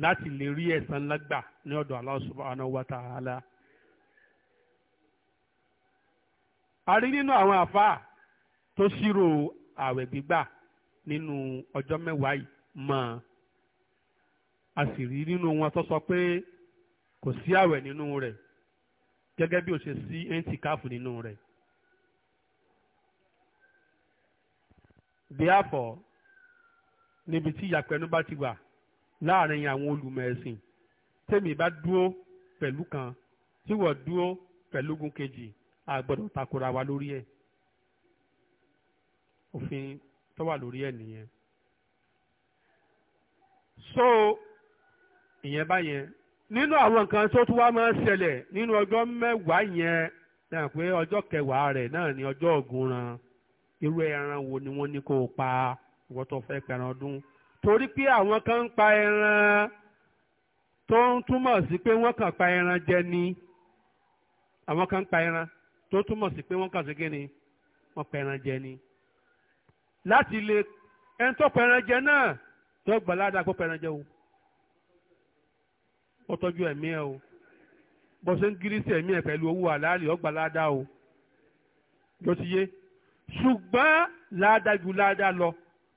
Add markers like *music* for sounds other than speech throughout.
láti lè rí ẹ̀san lágbà ní ọ̀dọ̀ Allah subhanahu wa ta'ala. a rí nínú àwọn àfáà tó ṣírò àwẹ̀ gbígbà nínú ọjọ́ mẹ́wàá yìí mọ́ a sì rí nínú wọn tó sọ pé kò sí àwẹ̀ nínú rẹ̀ gẹ́gẹ́ bí ó ṣe sí ẹ̀ǹtìkáàfù nínú rẹ̀. therefore níbi tí ìyàpẹ̀nu bá ti wà láàrin àwọn olùmọ̀ ẹ̀sìn tèmi bá dúró pẹ̀lú kan tí wọ́n dúró pẹ̀lú gun kejì a gbọ́dọ̀ takora wa lórí ẹ̀ òfin tó wà lórí ẹ̀ nìyẹn. so ìyẹn báyẹn nínú àwọn nǹkan tó tún wá máa ń ṣẹlẹ̀ nínú ọjọ́ mẹ́wàá yẹn náà pé ọjọ́ kẹwàá rẹ̀ náà ni ọjọ́ ògùnran irú ẹran wo ni wọ́n ní kó o pa ìwọ́n fẹ́ pẹran ọdún torí pé àwọn kan ń pa ẹran tó ń túmọ̀ sí pé wọ́n kàn pa ẹran jẹ ni àwọn kan ń pa ẹran tó túmọ̀ sí pé wọ́n kàn sí kí ni wọ́n pa ẹran jẹ ni láti lè ẹni tó pa ẹran jẹ náà tó gbà ládàá kó pa ẹran jẹ o ó tọ́jú ẹ̀mí ẹ o bọ́sẹ̀ ń gírísì ẹ̀mí ẹ̀ pẹ̀lú owó àlàálì ọgbà ládàá o yóò ti yé ṣùgbọ́n ládàá ju ládàá lọ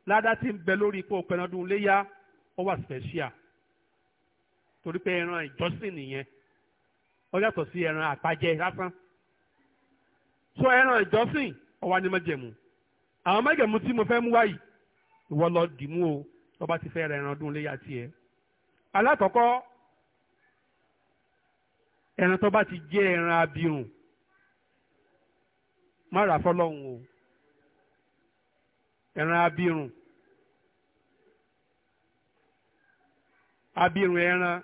ládá tí ń bẹ lórí ipò pẹ̀lọ́dún léyà ó wà special torí pé ẹran ìjọsìn nìyẹn ó yàtọ̀ sí ẹran àpajẹ lásán so ẹran ìjọsìn ó wà ní májẹ̀mú àwọn májẹ̀mú tí mo fẹ́ mú wáyìí ìwọ lọ dìmú o tó bá ti fẹ́ ra ẹran ọdún léyà tiẹ̀ alákọ̀ọ́kọ́ ẹran tó bá ti jẹ́ ẹran abirùn má rà fọlọ́hún o ẹran abirùn abirùn ẹran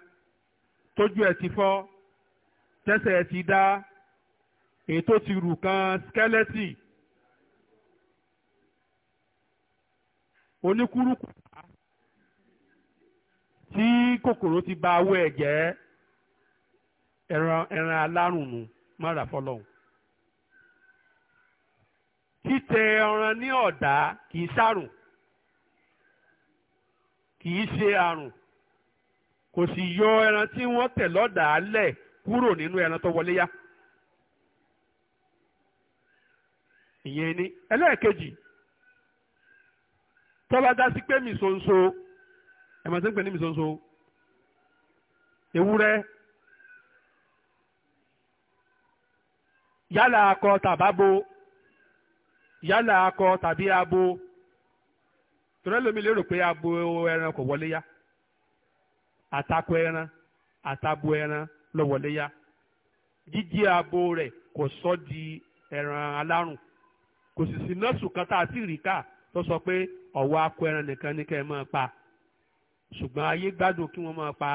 tójú ẹ̀ ti fọ́ tẹ́sẹ̀ ẹ̀ ti dá èyí tó ti rù kan skẹ́lẹ́tì oníkúrúkù tí kòkòrò ti ba awọ ẹ̀ jẹ́ ẹran ẹran alárùn nù má rà títẹ ọ̀ràn ní ọ̀dá kì í sàrùn kì í ṣe àrùn kò sì yọ ẹran tí wọ́n tẹ̀ lọ́dàá lẹ̀ kúrò nínú ẹran tó wọlé yá. ìyẹn ni ẹlẹ́ẹ̀kejì tọ́ba dá sí pé mìsonso ẹ̀ mọ̀ sí pé ní mìsonso ewúrẹ́ yálà akọ tàbábo yálà akọ tàbí abo tọ́lá lómi lérò pé abo ẹran kò wọlé yá àtakọ ẹran àtabo ẹran ló wọlé yá jíjí abo rẹ̀ kò sọ di ẹran alárùn kò sì sí nọ́ọ̀sù kan tá a ti rí ká tó sọ pé ọ̀wọ́ akọ ẹran nìkan ní kẹ́ ẹ máa pa ṣùgbọ́n ayé gbádùn kí wọ́n máa pa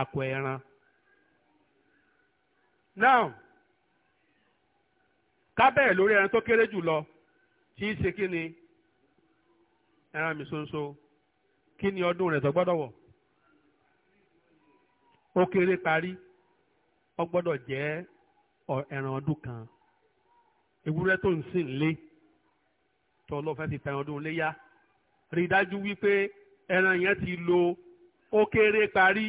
akọ ẹran. now ká bẹ̀rẹ̀ lórí ẹran tó kéré jù lọ tí í ṣe kí ni ẹran mi ṣoṣo kí ni ọdún rẹ̀ tó gbọ́dọ̀ wọ̀ ó kéré parí ó gbọ́dọ̀ jẹ́ ẹran ọdún kan ewúrẹ́ tó ń sìn lé tó lọ fẹ́ ti tẹran ọdún léyà rí i dájú wípé ẹran yẹn ti lo ó kéré parí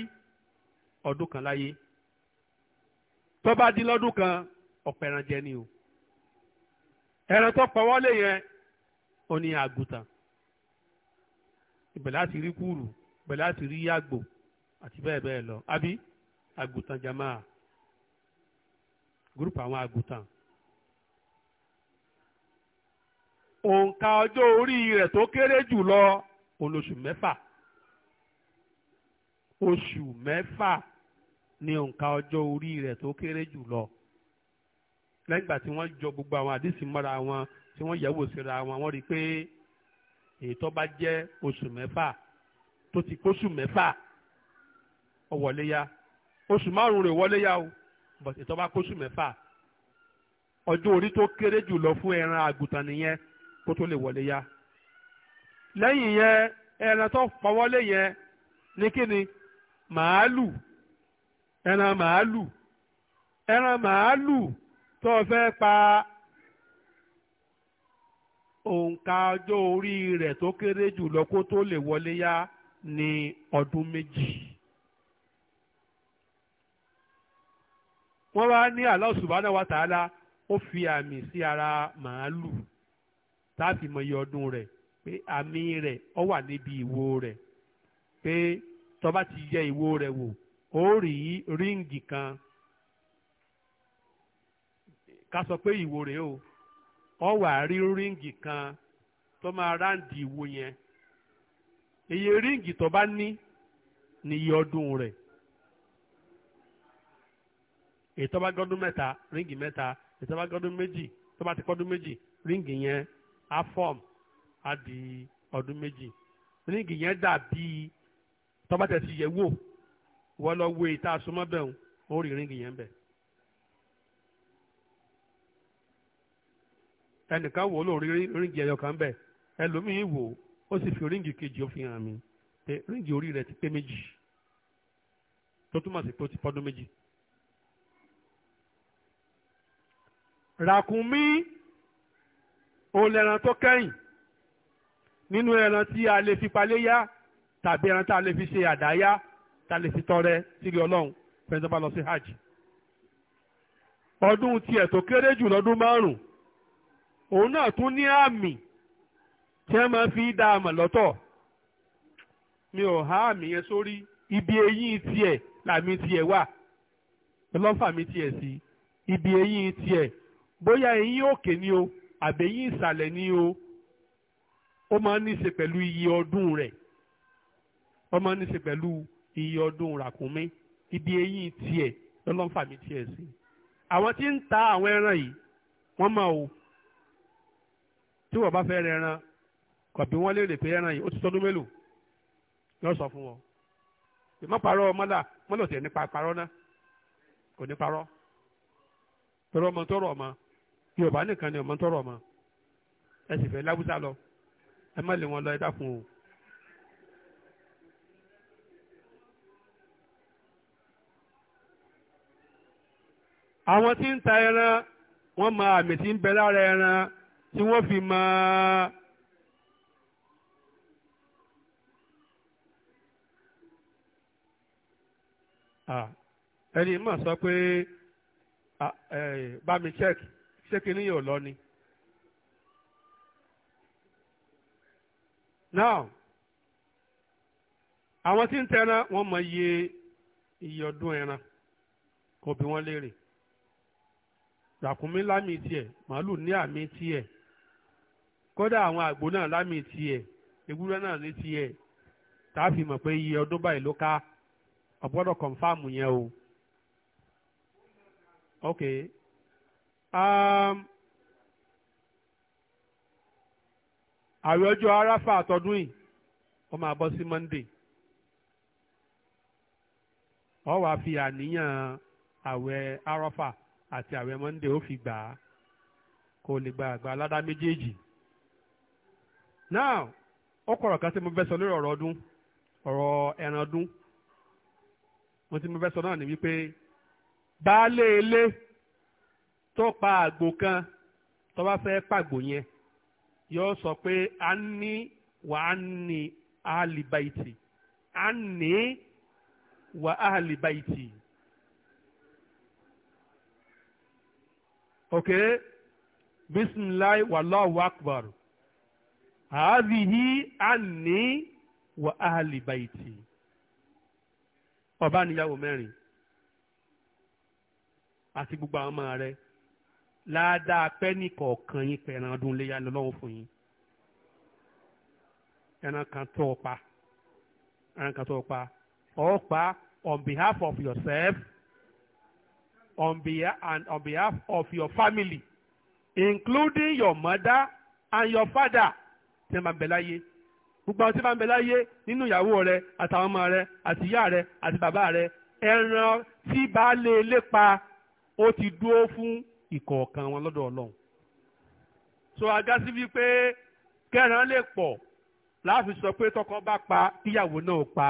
ọdún kan láyé tó bá di lọ́dún kan ọ̀pẹ̀ràn jẹ ni o. ẹran tó pa wọ́lé yẹn ó ní àgùntàn ibẹ̀ láti rí kúrú àti lọ àbí jamaa gúrùpù àwọn àgùntàn òǹkà ọjọ́ orí rẹ̀ tó kéré jù lọ olóṣù mẹ́fà oṣù ni òǹkà ọjọ́ orí rẹ̀ tó kéré jù lọ. lẹ́yìn ìgbà tí wọ́n jọ gbogbo àwọn àdìsí mọ́ra wọn tí wọ́n yẹ̀wò síra wọn wọ́n rí i pé èyí tó bá jẹ́ oṣù mẹ́fà tó ti kóṣù mẹ́fà ó wọlé ya oṣù márùn-ún rẹ̀ wọlé ya o but èyí tó bá kóṣù mẹ́fà ọjọ́ orí tó kéré jù lọ fún ẹran àgùntàn nìyẹn kó tó lè wọlé ya lẹ́yìn yẹn ẹran tó pawọ́lé yẹn ní kíni màálù ẹran màálù ẹran màálù. tó fẹ́ pa òǹkà ọjọ́ orí rẹ̀ tó kéré jù lọ kó tó lè wọlé yá ní ọdún méjì. wọ́n wá ní Allah subhanahu wa ta'ala ó fi àmì sí ara màálù ta a fi mọ iye ọdún rẹ̀ pé àmì rẹ̀ ọ wà níbi ìwo rẹ̀ pé tó ti yẹ ìwo rẹ̀ wò ó rí ríǹgì kan ká sọ pé ìwo rèé o ọ wà rí ríǹgì kan tó máa ráǹdì ìwo yẹn iye ríǹgì tó bá ní ní iye ọdún rẹ̀ èyí tó bá gọ́dún mẹ́ta ríǹgì mẹ́ta èyí tó bá gọ́dún méjì tó bá ti kọ́dún méjì ríǹgì yẹn á fọ́m á di ọdún méjì ríǹgì yẹn dàbí tó bá tẹ̀ sí yẹ wò wọ́n lọ wo èyí tá a súnmọ́ bẹ̀ ń ó ríǹgì yẹn bẹ̀. ẹnìkan wò ó lóun rí ríǹgì ẹyọ kan bẹ́ẹ̀ ẹlòmíín wò ó sì fi ríǹgì kejì ó fi hàn mí pé ríǹgì orí rẹ̀ ti pé méjì tó túmọ̀ sí pé ó ti pọ́dún méjì. ràkúnmí òun lẹran tó kẹ́yìn nínú ẹran tí a lè fi paléyá tàbí ẹran tá a lè fi ṣe àdáyá tá a lè fi tọrẹ sílé ọlọ́run fẹ́ẹ́ tó bá lọ sí hajj. ọdún tiẹ̀ tó kéré jù lọ́dún márùn-ún òun náà tún ní àmì tí wọ́n máa fi dá àmọ̀ lọ́tọ̀ mi ò há àmì yẹn sórí ibi eyín tiẹ̀ làmì tiẹ̀ wà lọ́fà mi tiẹ̀ sí ibi eyín tiẹ̀ bóyá eyín òkè ni o àbẹ̀yìn ìsàlẹ̀ ni o ó máa ń níṣe pẹ̀lú iye ọdún rẹ̀ ó máa ń níṣe pẹ̀lú iye ọdún ràkúnmí ibi eyín tiẹ̀ lọ́lọ́fà mi tiẹ̀ sí àwọn tí ń ta àwọn ẹran yìí wọ́n máa wò tí wọ́n bá fẹ́ rẹ ẹran kọ̀bí wọ́n léèrè pé ẹran yìí ó ti tọ́dún mélòó yóò sọ fún wọn ìmọ̀ parọ́ mọ́là mọ́là òsì nípa parọ́ náà kò ní parọ́ tọrọ ọmọ tọrọ ọmọ Yorùbá nìkan ni ọmọ tọrọ ọmọ ẹ sì fẹ́ lábúsá lọ ẹ má lè wọn lọ ẹ dákun o. àwọn tí ń ta ẹran wọ́n mọ àmì tí ń bẹ lára ẹran tí wọ́n fi mọ ẹni mọ̀ sọ pé bá mi check ṣé kinní yóò lọ ni. now àwọn tí ń tẹran wọ́n mọ iye iye ọdún ẹran kò bí wọ́n léèrè ràkúnmí lámì tiẹ̀ màálù ní àmì tiẹ̀ kódà àwọn àgbo náà lámì tiẹ̀ ewúrẹ́ náà ní tiẹ̀ tá a fi mọ̀ pé iye ọdún báyìí ló ká ọ̀gbọ́dọ̀ kọ̀ǹfàmù yẹn o. ok um, àwẹ̀ ọjọ́ aráfà àtọ́dún yìí ó máa bọ́ sí monday ó wàá fi àníyàn àwẹ̀ aráfà àti àwẹ̀ monday ó fi gbà á kó lè gba àgbà aládá méjèèjì. now ó kọ̀rọ̀ kan tí mo fẹ́ sọ lórí ọ̀rọ̀ ọdún ọ̀rọ̀ ẹran ọdún mo ti mo fẹ́ sọ náà ni wípé baálé ilé tó pa àgbò kan tó bá fẹ́ pàgbò yẹn yóò sọ pé a ní wà á ní àlìbáìtì a ní wà á àlìbáìtì. ok bisimilayi wàllu akbar. àádìhí àní wà áhàlì bàìtì ọba níyàwó mẹ́rin àti gbogbo àwọn ọmọ rẹ̀ ládàá pẹ́ẹ́nì kọ̀ọ̀kan yín pẹ̀ràn ọdún léyà lọ́wọ́ fún yín ẹran kan tó o pa ẹran kan tó o pa o pa on behalf of yourself on behalf and on behalf of your family including your mother and your father tí wọ́n bá ń bẹ láyé gbogbo àwọn tí wọ́n bá ń bẹ láyé nínú ìyàwó rẹ àtàwọn ọmọ rẹ àti ìyá rẹ àti bàbá rẹ ẹran tí baálé ilé pa ó ti dúró fún ìkọ̀ọ̀kan wọn lọ́dọ̀ ọlọ́run so aga sí wípé kẹran lè pọ̀ láàfin sọ pé tọkọ bá pa kíyàwó náà pa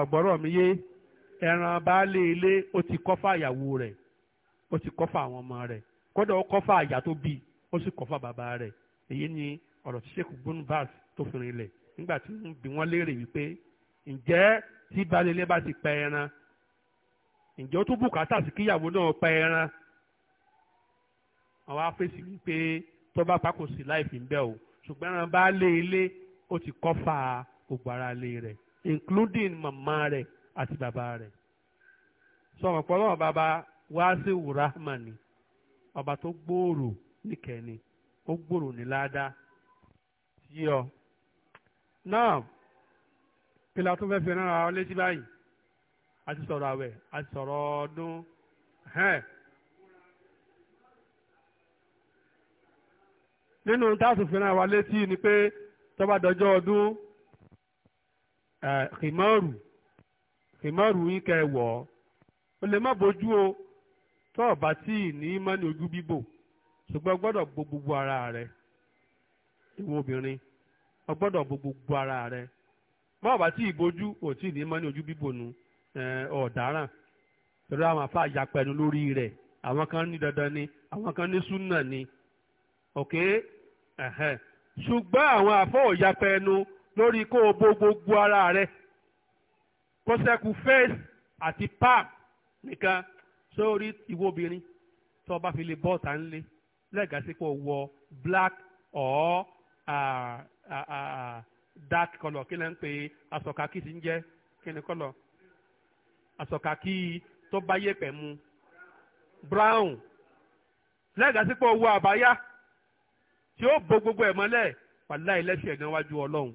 ọ̀gbọ́rọ̀ mi yé ẹran baálé ilé ó ti kọ́fà ìyàwó rẹ̀ ó ti kọ́fà àwọn ọmọ rẹ̀ kọ́dọ̀ ó kọ́fà àyà tó bí ó sì kọ́fà bàbá rẹ̀ èyí ni ọ̀rọ̀ tí sheikh gunbaz tó fi rinlẹ̀ nígbà tí ń bi wọ́n léèrè wípé ǹjẹ́ tí balẹ̀lẹ́ bá ti pa ẹran ǹjẹ́ ó tún bùkátà sí kíyàwó náà pa ẹran àwọn afẹ́sì wípé tó bá pákó sí láìfi ń bẹ́ o ṣùgbọ́n ẹran bá lé ilé ó ti kọ́ gbogbo ara lé rẹ̀ including màmá rẹ̀ àti bàbá rẹ̀ sọmọ pọlọ bàbá wá sí wùrà màní ọba tó gbòòrò níkẹni ó gbòòrò ní ládàá sí ọ. náà kí la tún fẹ́ fi rán ara létí báyìí a ti sọ̀rọ̀ àwẹ̀ a ti sọ̀rọ̀ ọdún. nínú táàtù fi rán ara létí ni pé tó bá dọjọ́ ọdún kìmọ́rù kìmọ́rù yín kẹ́ wọ̀ ọ́ o lè má bójú o tó tí ì ní mọ́ ní ojú bíbò ṣùgbọ́n gbọ́dọ̀ bo gbogbo ara rẹ ìwọ obìnrin o gbọ́dọ̀ bo gbogbo ara rẹ bọ́ọ̀ bá tí ìbojú ò tí ì ní mọ́ ní ojú bíbònú ọ̀daràn pẹ̀lú àwọn àfa àyàpẹ̀nu lórí rẹ̀ àwọn kan ní dandan ni àwọn kan ní súnà ni ok ṣùgbọ́n àwọn àfọ òyàpẹ̀nu lórí kó o bo gbogbo ara rẹ kó sẹ́kù face àti palm nìkan sórí ìwọ obìnrin tó o bá fi lè bọ́ọ̀tà ńlẹ̀ lẹ́gàá sí pé o wọ black or uh, uh, uh, uh dark colour kí ló ń pe asọ̀kakí ti ń jẹ́ kí ni colour asọ̀kakí tó bá yẹ̀pẹ̀ mu brown lẹ́gàá sí pé o wọ àbáyá tí ó bo gbogbo ẹ̀ mọ́lẹ̀ wàlá ẹlẹ́ṣẹ̀ níwájú ọlọ́run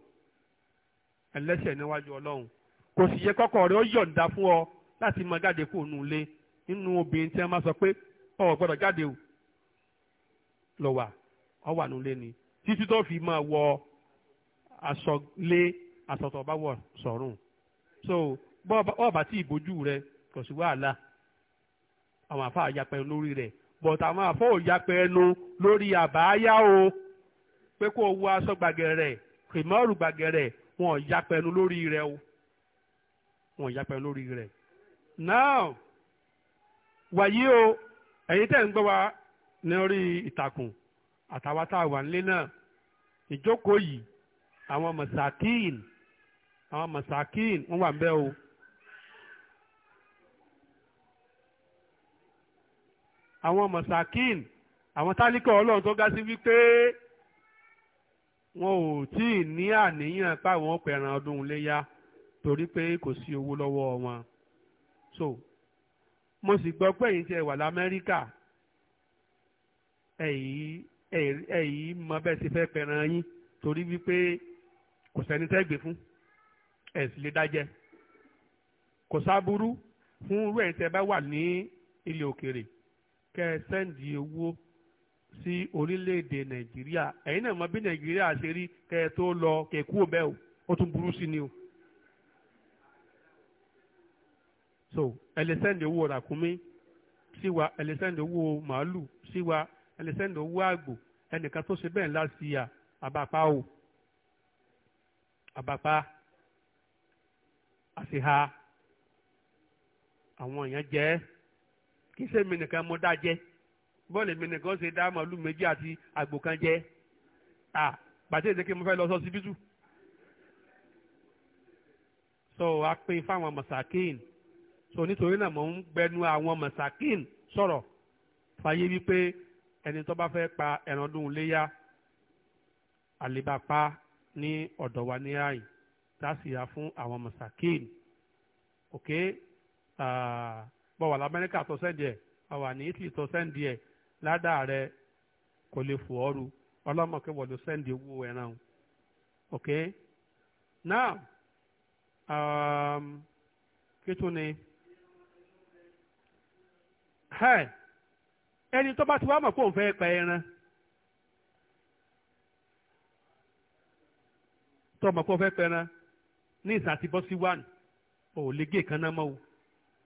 ẹlẹ́ṣẹ̀ níwájú ọlọ́run kò sì yẹ kọ́kọ́ rẹ ó yọ̀ǹda fún ọ láti máa jáde kúrò nínú ilé nínú obìnrin tí wọ́n máa sọ pé o gbọ́dọ̀ jáde o lọ wà ọ wà nulẹ̀ ni títí tó fi máa wọ aṣọ lé bá wọ sọ̀rùn so bọ́ọ̀bà tí ìbojú rẹ kò sí wàhálà àwọn àfa àyapẹ̀ lórí rẹ̀ bọ̀t àwọn àfa òyapẹ̀ ẹnu lórí àbáyá o pé kó o wọ aṣọ gbàgẹ̀rẹ̀ kìmọ́ọ̀rù gbàgẹ̀rẹ̀ wọn ò yapẹ̀ ẹnu lórí rẹ o wọn ò yapẹ̀ ẹnu lórí rẹ now wàyí o ẹ̀yin tẹ̀ ń gbọ́ wa lórí ìtàkùn àtàwọn tá a wà nílé náà ìjókòó yìí àwọn masakin àwọn masakin wọ́n wà ń o. àwọn masakin àwọn tálíkà ọlọ́run tó ga sí wípé wọn ò tí ì ní àníyàn páwọn pẹ̀ràn ọdún léyà torí pé kò sí owó lọ́wọ́ wọn. so mo sì gbọ́ pé ẹ̀yin tí ẹ wà lamẹ́ríkà ẹ̀yìn ẹ̀yìn mọ bẹ́ẹ̀ ṣe fẹ́ pẹ̀ràn yín torí wípé kò sẹ́ni tẹ́ gbé fún ẹ̀ sì lè dájẹ́ kò sáburú fún irú ẹ̀yin tẹ́ bá wà ní ilẹ̀ òkèrè kẹ́ ẹ sẹ́ǹdì owó sí orílẹ̀-èdè nàìjíríà ẹ̀yin náà mọ bí nàìjíríà ṣe rí kẹ́ ẹ tó lọ kẹ́ ẹ kú òbẹ́ o ó tún burú sí ni o. so ẹ lè sẹ́ǹdì owó ràkúnmí sí wa ẹ lè sẹ́ǹdì owó màálù sí wa ẹ lè sẹ́ndì owó àgbò ẹnìkan tó ṣe bẹ́ẹ̀ last year àbàpá o àbàpá àṣìhà àwọn èèyàn jẹ́ kí sẹ́mi nìkan mo dá jẹ́ bọ́ọ̀lù mi nìkan ṣe dá màálù méjì àti àgbò kan jẹ́ à bàtẹ́ ìdẹ́kẹ́ mo fẹ́ lọ sọ́sibítù so a pín fáwọn masakin so nítorí náà mo ń gbẹnu àwọn masakin sọ̀rọ̀ fàyè wípé ẹni tó bá fẹ́ pa ẹran ọdún léyà àlébàpá ní ọ̀dọ̀ wa ní àyè tá a sì yà fún àwọn masakin ok ah, bọ́wà lamẹ́ríkà tó sẹ́ndì ẹ̀ ní Italy tó sẹ́ndì ẹ̀ rẹ kò lè fò ọ́rù ọlọ́mọ kí wọ́n lè owó ẹran ok now um, kí tún ni. Hey. ẹni tó bá ti wá mọ̀ pé òun fẹ́ pa ẹran tó mọ̀ pé òun fẹ́ pa ẹran ní ìsàtì bọ́ sí wàn ò lè gé kaná mọ́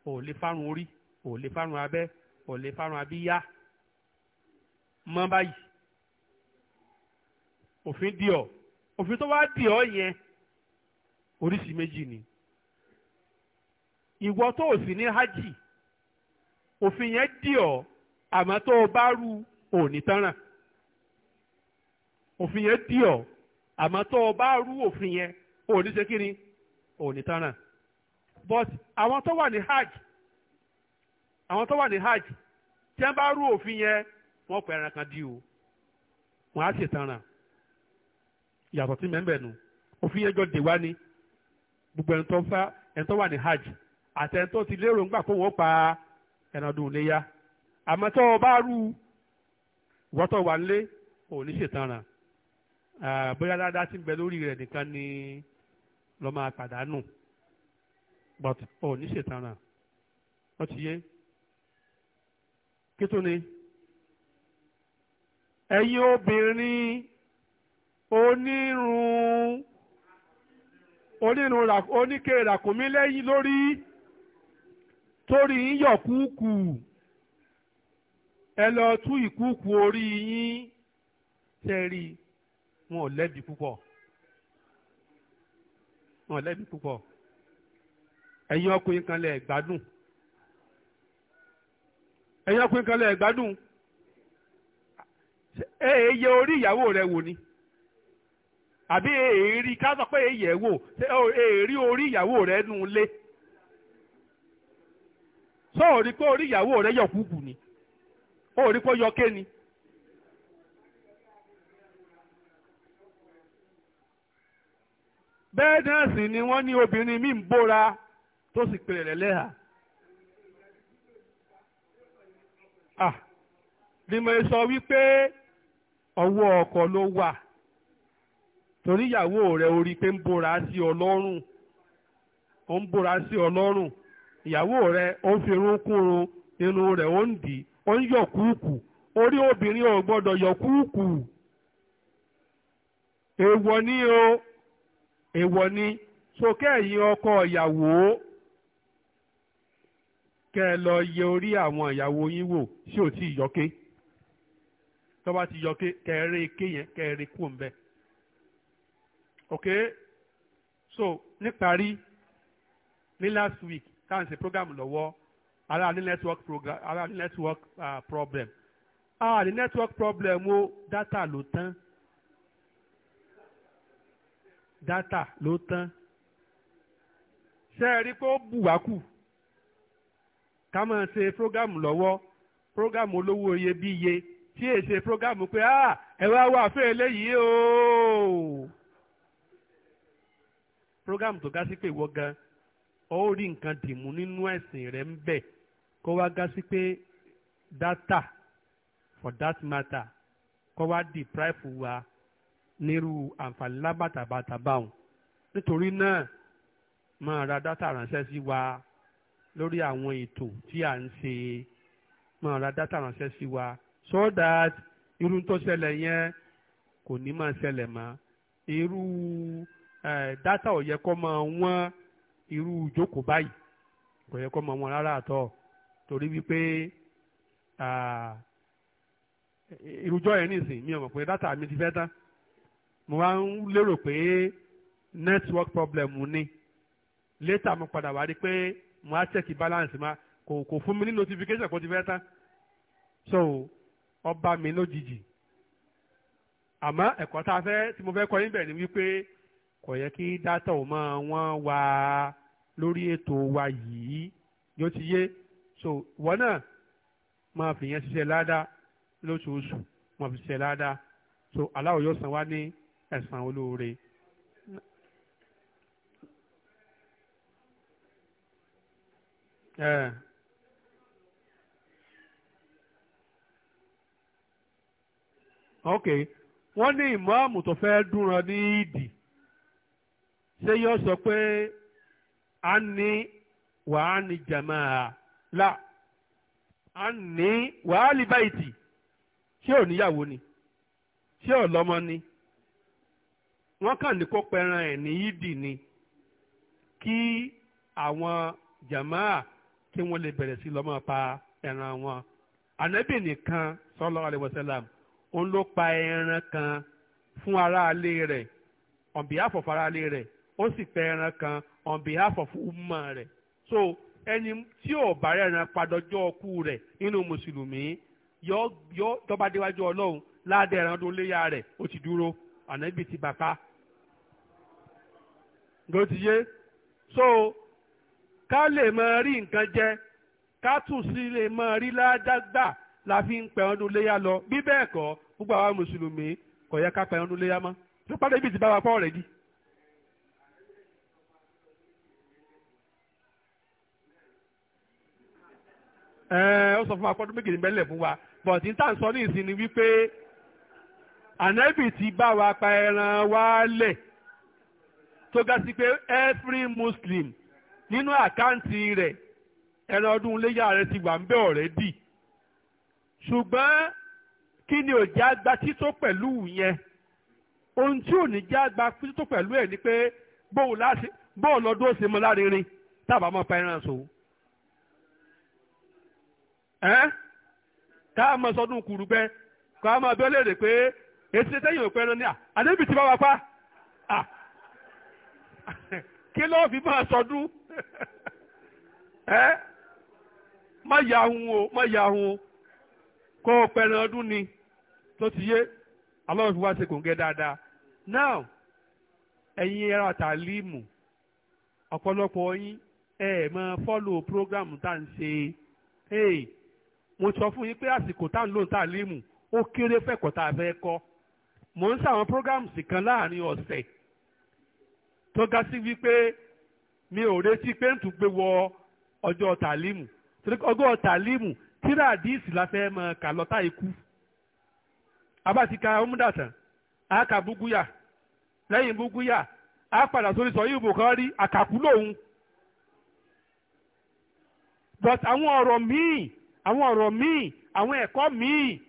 o ò lè fárun orí ò lè fárun abẹ́ ò lè fárun abíyá mọ́ báyìí òfin dì ọ òfin tó wá dì ọ yẹn oríṣi méjì ni ìwọ tó ò sí ní hájì òfin yẹn àmọ́ tó o bá ru òní tánràn òfin yẹn dì ọ́ àmọ́ tó o bá rú òfin yẹn òní ṣe ni òní tánràn but àwọn tó wà ní hajj àwọn tó wà ní hajj tí wọ́n bá rú òfin yẹn wọ́n pẹ̀ ẹran kan di o wọ́n á si yàtọ̀ tí mẹ́ńbẹ̀ nu òfin yẹn jọ dè wá ní gbogbo ẹni tó wà ní hajj àti ẹni tó ti lérò ńgbà kó wọ́n pa ẹran ọdún iléyà. àmọ́ tó o bá rú ìwọ́n tó wà nílé ò ní ṣètanràn bóyá dáadáa ti ń bẹ lórí rẹ̀ nìkan ni lọ́ máa pàdánù but ò ní ṣètanràn wọ́n ti yé kí tó ni ẹ̀yin obìnrin onírun onírun oníkèrè ràkúnmí lẹ́yìn lórí torí yíyọ̀ kúkú. ẹ lọ tụ ìkúùkù orí yín tẹ̀rí wọn ò lẹ́bi púpọ̀ wọn ò lẹ́bi púpọ̀ ẹ̀yin ọkùnrin kan lẹ̀ gbádùn ẹ̀yin ọkùnrin kan lẹ̀ gbádùn yẹ orí ìyàwó rẹ wò ni àbí èèrí ká sọ pé wò èèrí orí ìyàwó rẹ lé sọ pé orí ó rí pọ́ yọ kéni. bẹ́ẹ̀ náà sì ni wọ́n ní obìnrin míì ń bóra tó sì pèrè rẹ̀ lẹ́hà. Bímọ sọ wípé ọwọ́ ọkọ̀ ló wà torí ìyàwó rẹ̀ orí pé ń bóra sí ọ lọ́rùn ó ń bóra sí ọ ìyàwó rẹ̀ ó ń fi irun kúrun irun rẹ̀ ó ń dì í ó ń yọ kúùkù orí obìnrin ò gbọ́dọ̀ yọ kúùkù èèwọ̀ ni o èèwọ̀ ni sókè ẹ̀yìn ọkọ ìyàwó kẹ́ ẹ lọ yẹ orí àwọn ìyàwó yín wò sí ò tí ì yọké tó bá ti yọké kẹ́ ẹ rí ike yẹn kẹ́ ẹ rí kú ń bẹ ok so níparí ní last week táwọn ṣe program lọ́wọ́ ara ní network program ara ní network uh, problem ara ah, ní network problem o data ló tán data ló tán ṣe é rí pé ó bù wá kù ká máa ṣe program lọ́wọ́ program olówó iyebíye tí è ṣe program pé ah ẹ wá wá fún eléyìí o program tó ga sí pé ìwọ gan ọ rí nǹkan dìmú nínú ẹ̀sìn rẹ ń bẹ kó wá gá sí pé data for that matter kó wá deprive wa nírú àǹfààní lábàtàbàtà báwọn nítorí náà máa ra data ránṣẹ́ sí wa lórí àwọn ètò tí à ń ṣe máa ra data ránṣẹ́ sí wa so that irú tó ṣẹlẹ̀ yẹn kò ní máa ṣẹlẹ̀ mọ́ irú data ò yẹ kó máa wọ́n irú ìjókòó báyìí kò yẹ kó máa wọ́n rárá àtọ́ torí wípé irújọ́ yẹn nìsín mi ò mọ̀ pé dátà mi ti fẹ́ tán mo wá ń lérò pé network problem ni later mo padà wá rí pé mo á check balance ma kò kò fún mi ní notification kó ti fẹ́ tán so ọba mi lójijì àmọ́ ẹ̀kọ́ tá a fẹ́ tí mo fẹ́ kọ́ níbẹ̀ ni wípé kò yẹ kí dátà ò máa wọ́n wá lórí ètò wa yìí yóò ti yé so wọn náà máa fi yẹn ṣiṣẹ́ ládàá lóṣooṣù máa fi ṣiṣẹ́ ládàá so Allah yóò san wá ní ẹ̀san olóore. Yeah. ok wọ́n ní ìmọ̀ọ́mù tó fẹ́ dúnran ní ìdì ṣé yóò sọ pé a ní wàá ní jàmáà là á ní wàhálì báyìí ṣé ò níyàwó ni ṣé ò lọ́mọ ni wọ́n kàn ní kó pẹran ẹ̀ ní yídì ni kí àwọn jàmáà kí wọ́n lè bẹ̀rẹ̀ sí lọ́mọ pa ẹran wọn ànábì nìkan sallallahu alaihi wasallam òun ló pa ẹran kan fún aráalé rẹ̀ on behalf of aráalé rẹ̀ ó sì pẹ ẹran kan on behalf of umma rẹ̀ so ẹni tí ò bá rẹ̀ràn padọ́jọ́ ọkú rẹ̀ nínú mùsùlùmí yọ yọ tọ́ba déwájú ọlọ́run láàdẹ ẹran tó léyà rẹ̀ ó ti dúró ànábì ti bàbá. ló ti yé so ká lè máa rí nǹkan jẹ ká tún sí lè máa rí ládàgbà la fi ń pẹ̀rán tó léyà lọ bí bẹ́ẹ̀ kọ́ gbogbo àwa mùsùlùmí kò yẹ ká pẹ̀rán tó léyà mọ́ tó padà ibi ti bá wa pọ̀ rẹ̀ di. ó sọ fún wa pọ́dún méjì níbẹ̀ fún wa bọ̀dí tá à ń sọ ní ìsìn ni wípé ànábì ti bá wa pa ẹran wa lẹ̀ tó ga sí pé every muslim nínú àkáǹtì rẹ̀ ẹran ọdún iléyà rẹ̀ ti wà ń bẹ̀ ọ̀rẹ́dì ṣùgbọ́n kí ni ò já gba tító pẹ̀lú yẹn ohun tí ò ní já gba tító pẹ̀lú ẹ̀ ni pé bóun lọ́dún ó ṣe mọ́ lárinrin tábà máa pa ẹran sòun. ẹ́ ká máa sọdún kùrù pẹ́ ká máa bẹ́ẹ̀ léèrè pé èsì tẹ́yìn òpẹ́ náà à àdébì ti bá wa pa à *laughs* kí ló fi máa sọdún *laughs* ẹ́ o má yà o ọdún ni tó ti yé fi wá ṣe kòǹgẹ́ dáadáa now ẹ̀yin ẹ̀rọ àtàlímù ọ̀pọ̀lọpọ̀ yín mo sọ fún yín pé àsìkò tá à ń lò ń tà límù ó kéré fẹ́kọ̀ọ́ tá a fẹ́ kọ́ mo ń ṣàwọn programs kan láàrin ọ̀sẹ̀ tó ga sí wípé mi ò retí pé ń tún gbé wọ ọjọ́ tàlímù ọgọ́ tàlímù tíra àdíìsì la fẹ́ mọ kàlọ́tà ikú abátika omúdàtàn àáka búgúyà lẹ́yìn búgúyà á padà sórí sọ yìí kan rí àkàkú lòun but àwọn ọ̀rọ̀ míì àwọn ọ̀rọ̀ míì àwọn ẹ̀kọ́ míì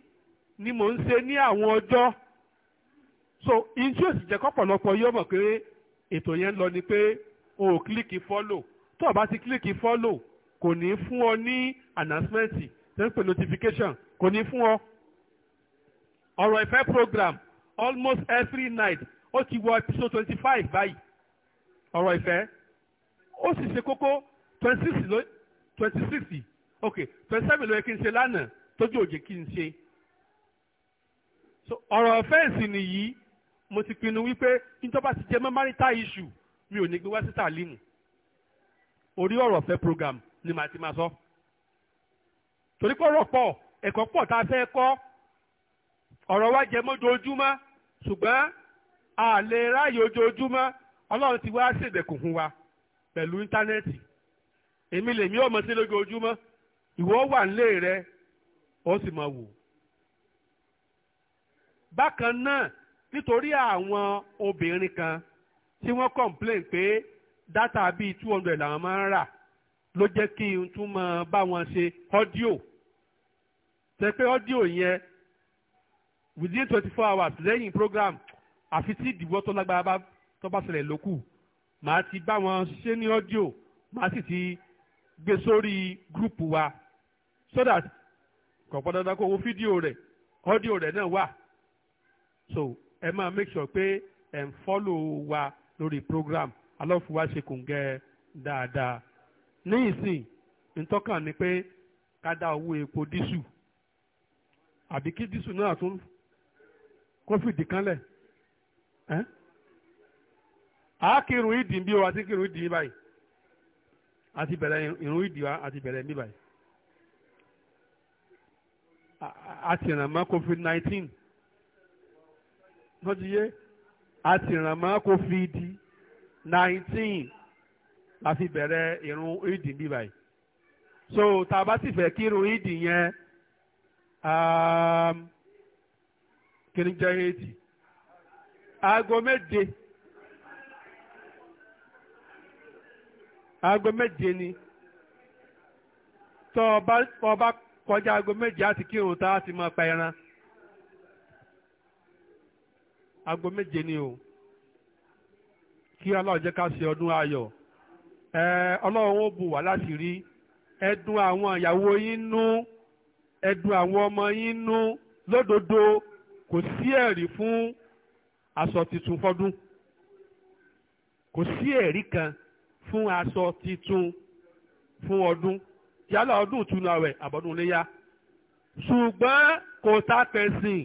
ni mò ń ṣe ní àwọn ọjọ́ so in tí ó sì jẹ́ kọ́pọ̀lọpọ̀ yóò mọ̀ pé ètò yẹn ń lọ ni pé o ò kílíkì follow tó o bá ti kílíkì follow kò ní fún ọ ní announcement tó ń notification kò ní fún ọ. ọ̀rọ̀ ìfẹ́ program almost every night ó ti wọ episode twenty five báyìí ọ̀rọ̀ ìfẹ́ ó sì ṣe kókó twenty six ok twenty-seven ló yẹ kí n ṣe lánàá tójú òjè kí n ṣe so ọ̀rọ̀ ọ̀fẹ́ǹsì nìyí mo ti pinnu wípé nítorí bá ti jẹ́ mẹ́márítà issue mi ò ní gbé wá sí tàlímù orí ọ̀rọ̀ ọ̀fẹ́ program ni màá ti máa sọ torí pé ọ̀rọ̀ pọ̀ ẹ̀kọ́ pọ̀ tá a fẹ́ kọ́ ọ̀rọ̀ wa jẹ mọ́jọ́júmọ́ ṣùgbọ́n a lè ráàyè ojoojúmọ́ ọlọ́run ti wá ṣèdẹ̀kùn fún wa pẹ̀lú íńtánẹ́ẹ̀tì èmi lèmi ò mọ̀ sí lójoojúmọ́ ìwọ wà nílé rẹ ó sì máa wò. bákan náà nítorí àwọn obìnrin kan tí wọ́n complain pé dátà bíi two hundred làwọn máa ń rà ló jẹ́ kí n tún máa bá wọn ṣe ọ́díò tẹ́ pé ọ́díò yẹn within twenty four hours lẹ́yìn program àfi tí ìdìbò tó lágbára bá tó bá ṣẹlẹ̀ lókù màá ti bá wọn ṣe ní ọ́díò màá sì ti gbé sórí gúrùpù wa so that kò kó wo fídíò rẹ̀ ọ́díò rẹ̀ náà wà so ẹ máa make sure pé em ń wa lórí program alọ́fùwá ṣe kò ń gẹ dáadáa ní ìsìn ni pé ká dá epo dísù àbí kí dísù náà tún kó fìdí kanlẹ̀ ẹ́ a kírun ìdí bí o àti kírun ìdí báyìí àti bẹ̀rẹ̀ irun wa àti bẹ̀rẹ̀ mi báyìí. àtìrànmọ́ covid nineteen lọ́dún yé àtìrànmọ́ covid nineteen la fi bẹ̀rẹ̀ irun ìdì bí báyìí so tá a bá sì fẹ́ kí irun ìdì yẹn um, kí ni jẹ́ èdì aago méje aago méje ni tọ́ ọba ọba kọjá aago méje àti kírun tá a ti máa pa ẹran aago méje ni o kí ọlọ́run jẹ́ ká ṣe ọdún ayọ̀ ọlọ́run ó bù wá láti rí ẹdùn àwọn ìyàwó yín nú àwọn ọmọ yín nú lódodo kò sí ẹ̀rí fún aṣọ titun fọdún kò sí ẹ̀rí kan fún aṣọ titun fún ọdún. yálà ọdún ìtúnu àwẹ̀ àbọ̀dún iléyá ṣùgbọ́n kò ta pẹ̀sìn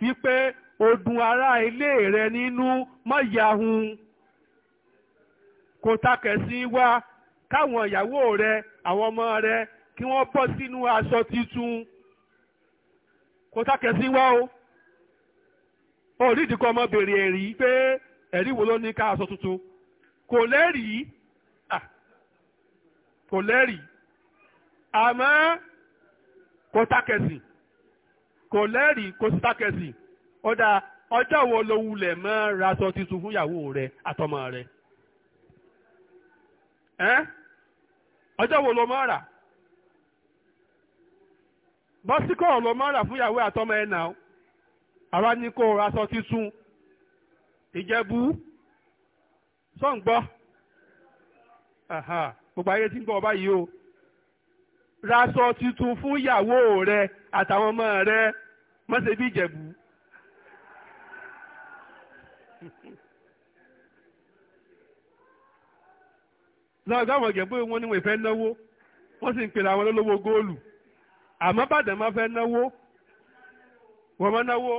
wípé odun ara ilé rẹ nínú mọ́ yahun kò ta pẹ̀sìn wá káwọn ìyàwó rẹ àwọn ọmọ rẹ kí wọ́n bọ́ sínú aṣọ títún. kò ta pẹ̀sìn wá o orídìí kọ́ ọmọ béèrè ẹ̀rí pé ẹ̀rí wo ló ní ká aṣọ tuntun kò lẹ́rìí ah, kò lẹ́rìí àmọ́ kò takẹ̀sì kò lẹ́rìí kò sí takẹ̀sì ó dáa ọjọ́ wo ló wulẹ̀ mọ́ raṣọ tuntun fún ìyàwó rẹ àtọmọ rẹ ọjọ́ wo ló mọ́ rà ló mọ́ fún ìyàwó àtọmọ ẹ̀ náà àwa ní kó raṣọ tuntun ìjẹ́bú sọ̀ ń gbọ́ gbogbo ayé ti ń gbọ́ ọ báyìí o. raṣọ tuntun fún ìyàwó rẹ àtàwọn ọmọ rẹ má ṣe bí ìjẹ̀bù. lọ́gá àwọn ìjẹ̀bù wọn ni wọ́n fẹ́ náwó wọ́n sì ń pèrè àwọn olówó góòlù àmọ́ bàdàn máa fẹ́ náwó wọ́n máa náwó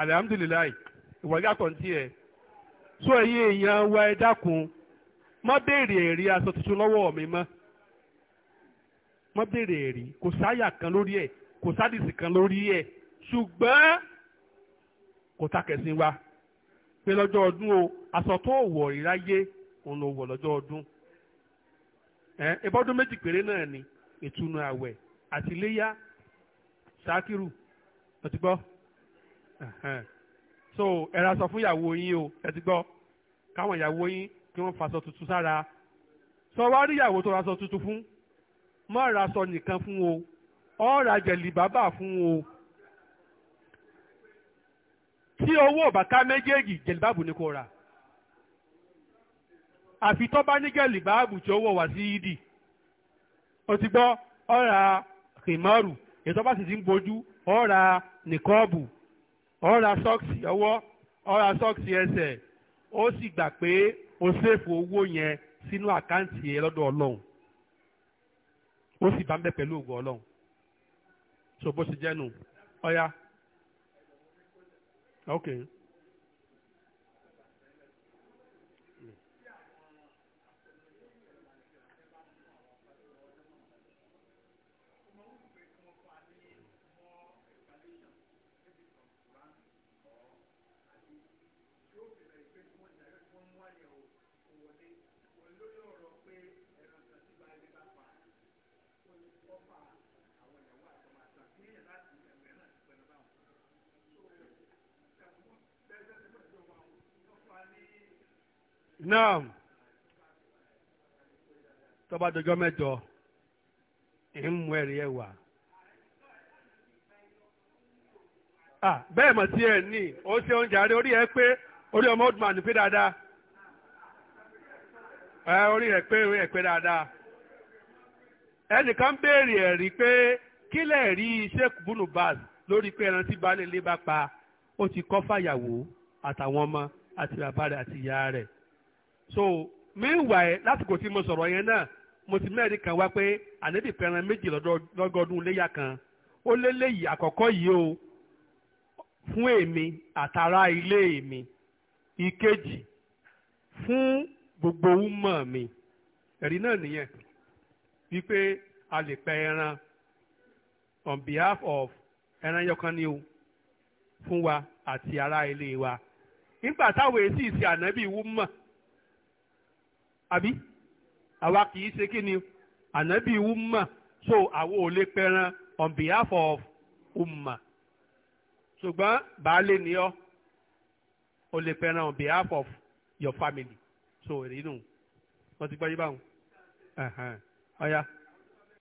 alihamudulilayi ìwà yàtọ̀ ní tiẹ̀ sọ èyí èèyàn wa ẹ dákun má béèrè èrè aṣọ tuntun lọ́wọ́ mi mọ́ wọ́n béèrè ẹ̀rí kò sáyà kan lórí ẹ̀ kò sádìsì kan lórí ẹ̀ ṣùgbọ́n kò takẹ̀sìn wa pé lọ́jọ́ ọdún o aṣọ tó wọ̀ ìráyé òun ló wọ̀ lọ́jọ́ ọdún ẹ ìbọ́dún méjì péré náà ni ìtúnu àwẹ̀ àti iléyá ṣáàkìrù ẹ ti gbọ́ so ẹ ra aṣọ fún ìyàwó yín o ẹ ti gbọ́ káwọn ìyàwó yín kí wọ́n faṣọ tuntun sára sọ wá rí ìyàwó tó ra aṣọ tuntun fún má ra aṣọ nìkan fún o ọ ra jẹ̀lì bàbà fún o tí owó bàká méjèèjì jẹ̀lì bàbù ni kò rà àfi tó bá ní jẹ̀lì bàbù tí ó wọ̀ wá sí yídì o ti gbọ́ ọ ra kìmọ́rù ètò bá sì ti ń bojú ọ ra nìkọ́ọ̀bù ọ ra sọ́ọ̀sì ọwọ́ ọ ra sọ́ọ̀sì ẹsẹ̀ ó sì gbà pé o ṣèfò owó yẹn sínú àkáǹtì ẹ lọ́dọ̀ ọlọ́run ó sì bá ń bẹ pẹ̀lú ògùn ọlọ́run so bó ṣe jẹ́ nù ọ̀ya ok. náà tó bá dọjọ́ mẹ́jọ ń mú ẹ̀rí ẹ̀ wá. bẹ́ẹ̀ mọ̀ sí ẹ̀ ní ó ṣe oúnjẹ àárẹ̀ orí ẹ pé orí ọmọ old man pé dáadáa ẹ orí ẹ pé orí ẹ pé dáadáa ẹnìkan béèrè ẹ̀rí pé kí lẹ̀ rí sheikh bunu baz lórí pé ẹran tí baálé ilé bá pa ó ti kọ́ fàyàwó àtàwọn ọmọ àti bàbá rẹ̀ àti ìyá rẹ̀ so meanwhile lásìkò tí mo sọ̀rọ̀ yẹn náà mo ti mẹ́rin kan wá pé ànábì pẹran méjì lọ́gọ́dún léyà kan ó lé léyìí àkọ́kọ́ yìí o fún èmi àtàrà ilé mi ìkejì fún gbogbo ọmọ mi ẹ̀rí náà nìyẹn wípé a lè pẹ ẹran on behalf of ẹran yọkan ni o fún wa àti ará ilé wa nígbà táwọn èsì ìsìn ànábì wúmọ̀ àbí àwa kì í ṣe kí ni ànábì umma so àwo ò lè pẹran on behalf of umma ṣùgbọ́n baálé ni ọ́ o lè pẹran on behalf of your family so èyí nù wọ́n ti gbọ́ yí báwọn ọ̀ya. Uh -huh.